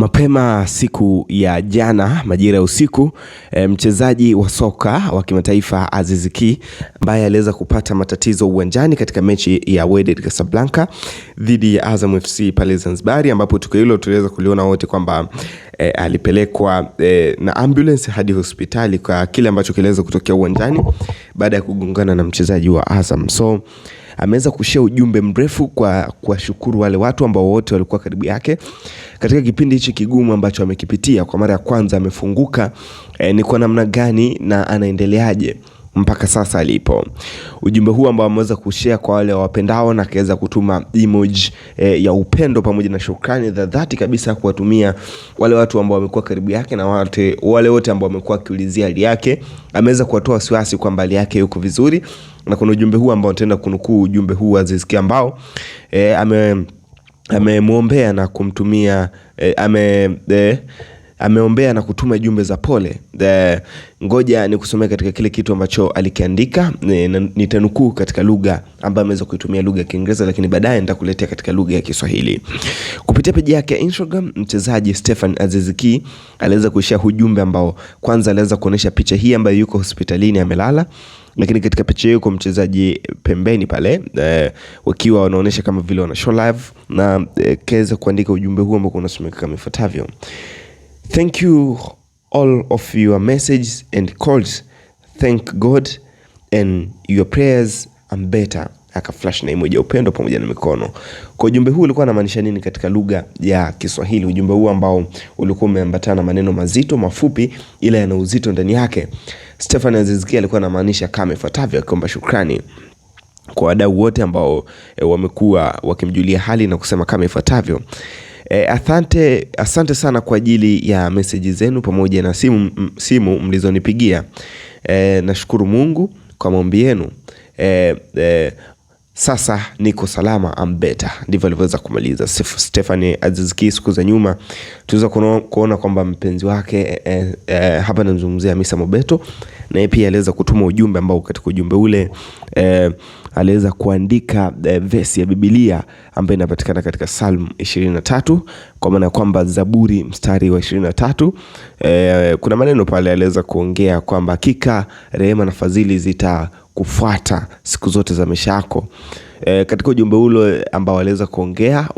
Mapema siku ya jana majira ya usiku e, mchezaji wa soka wa kimataifa Aziz Ki ambaye aliweza kupata matatizo uwanjani katika mechi ya Wydad Casablanca dhidi ya Azam FC pale Zanzibar, ambapo tukio hilo tuliweza kuliona wote kwamba e, alipelekwa e, na ambulance hadi hospitali kwa kile ambacho kiliweza kutokea uwanjani baada ya kugongana na mchezaji wa Azam. So ameweza kushia ujumbe mrefu kwa kuwashukuru wale watu ambao wote walikuwa karibu yake katika kipindi hichi kigumu ambacho amekipitia. Kwa mara ya kwanza amefunguka e, ni kwa namna gani na anaendeleaje? mpaka sasa alipo. Ujumbe huu ambao ameweza kushare kwa wale wapendao na akaweza kutuma emoji e, ya upendo pamoja na shukrani za dhati kabisa kuwatumia wale watu ambao wamekuwa karibu yake na wate, wale wote ambao wamekuwa akiulizia hali yake. Ameweza kuwatoa wasiwasi kwamba hali yake yuko vizuri, na kuna ujumbe huu ambao nitaenda kunukuu ujumbe huu wa ambao e, amemwombea ame na kumtumia e, ame e, ameombea na kutuma jumbe za pole. The, ngoja ni kusomea katika kile kitu ambacho alikiandika, nitanukuu katika lugha ambayo ameweza kuitumia lugha ya Kiingereza, lakini baadaye nitakuletea katika lugha ya Kiswahili. Kupitia peji yake ya Instagram, mchezaji Stefan Aziziki aliweza kuishia ujumbe ambao kwanza aliweza kuonesha picha hii ambayo yuko hospitalini amelala lakini katika picha hiyo kwa mchezaji pembeni pale e, wakiwa wanaonyesha kama vile wana show live na e, kaweza kuandika ujumbe huo ambao unasomeka kama ifuatavyo: Thank you all of your messages and calls. Thank God and your prayers am better. Akaflash na imoja upendo pamoja na mikono. Kwa ujumbe huu ulikuwa anamaanisha nini katika lugha ya Kiswahili? Ujumbe huu ambao ulikuwa umeambatana maneno mazito mafupi, ila yana uzito ndani yake. Stefan Azizikia alikuwa anamaanisha kama ifuatavyo, akiomba shukrani kwa wadau wote ambao e, wamekuwa wakimjulia hali na kusema kama ifuatavyo: E, asante, asante sana kwa ajili ya meseji zenu pamoja na simu, simu mlizonipigia. E, nashukuru Mungu kwa maombi yenu. E, e, sasa niko salama, am better. Ndivyo alivyoweza kumaliza Stephanie Aziz Ki. Siku za nyuma tuweza kuona kwamba mpenzi wake e, e, hapa namzungumzia Hamisa Mobeto, naye pia aliweza kutuma ujumbe ambao katika ujumbe ule e, aliweza kuandika e, vesi ya Biblia ambayo inapatikana katika Salm 23 kwa maana ya kwamba Zaburi mstari wa 23 e, kuna maneno pale aliweza kuongea kwamba hakika rehema na fadhili zita kukufuata siku zote za maisha yako. E, katika ujumbe ule ambao aliweza kuongea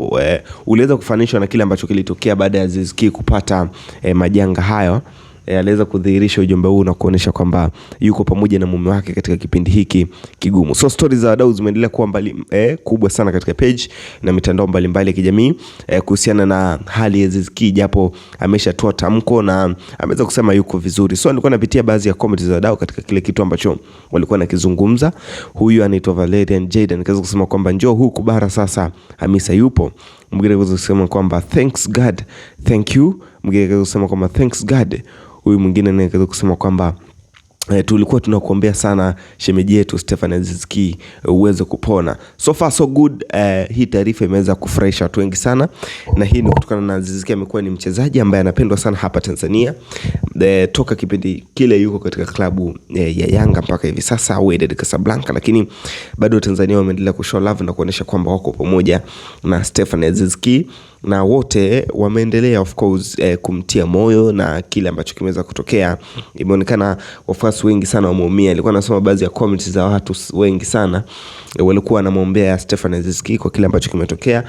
uliweza kufanishwa na kile ambacho kilitokea baada ya Zizki kupata e, majanga hayo e, aliweza kudhihirisha ujumbe huu na kuonesha kwamba yuko pamoja na mume wake katika kipindi hiki kigumu. So stories za wadau zimeendelea kuwa mbali, e, kubwa sana katika page na mitandao mbalimbali ya kijamii e, kuhusiana na hali ya Ziziki, japo ameshatoa tamko na ameweza kusema yuko vizuri. So nilikuwa napitia baadhi ya comments za wadau katika kile kitu ambacho walikuwa nakizungumza. Huyu anaitwa Valerian Jaden kaweza kusema kwamba njoo huku bara sasa, Hamisa yupo. Mwingine akaweza kusema kwamba thanks God, thank you. Mwingine akaweza kusema kwamba thanks God huyu mwingine naye kusema kwamba E, tulikuwa tunakuombea sana shemeji yetu Stefan Aziz Ki eh, uweze kupona. So far so good. E, hii taarifa imeweza kufurahisha watu wengi sana, na hii ni kutokana na Aziz Ki amekuwa ni mchezaji ambaye anapendwa sana hapa Tanzania. E, toka kipindi kile yuko katika klabu e, ya Yanga mpaka hivi sasa Wydad Casablanca, lakini bado Tanzania wameendelea kushow love na kuonyesha kwamba wako pamoja na Stefan Aziz Ki na wote wameendelea of course eh, kumtia moyo na kile ambacho kimeweza kutokea. Imeonekana wafuasi wengi sana wameumia. Ilikuwa nasoma baadhi ya comments za watu wengi sana eh, walikuwa wanamwombea Stefan Aziz kwa kile ambacho kimetokea.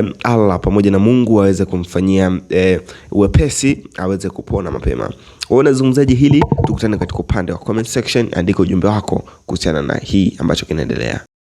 Um, Allah pamoja na Mungu aweze kumfanyia eh, wepesi aweze kupona mapema. Unazungumzaje hili? Tukutane katika upande wa comment section, andika ujumbe wako kuhusiana na hii ambacho kinaendelea.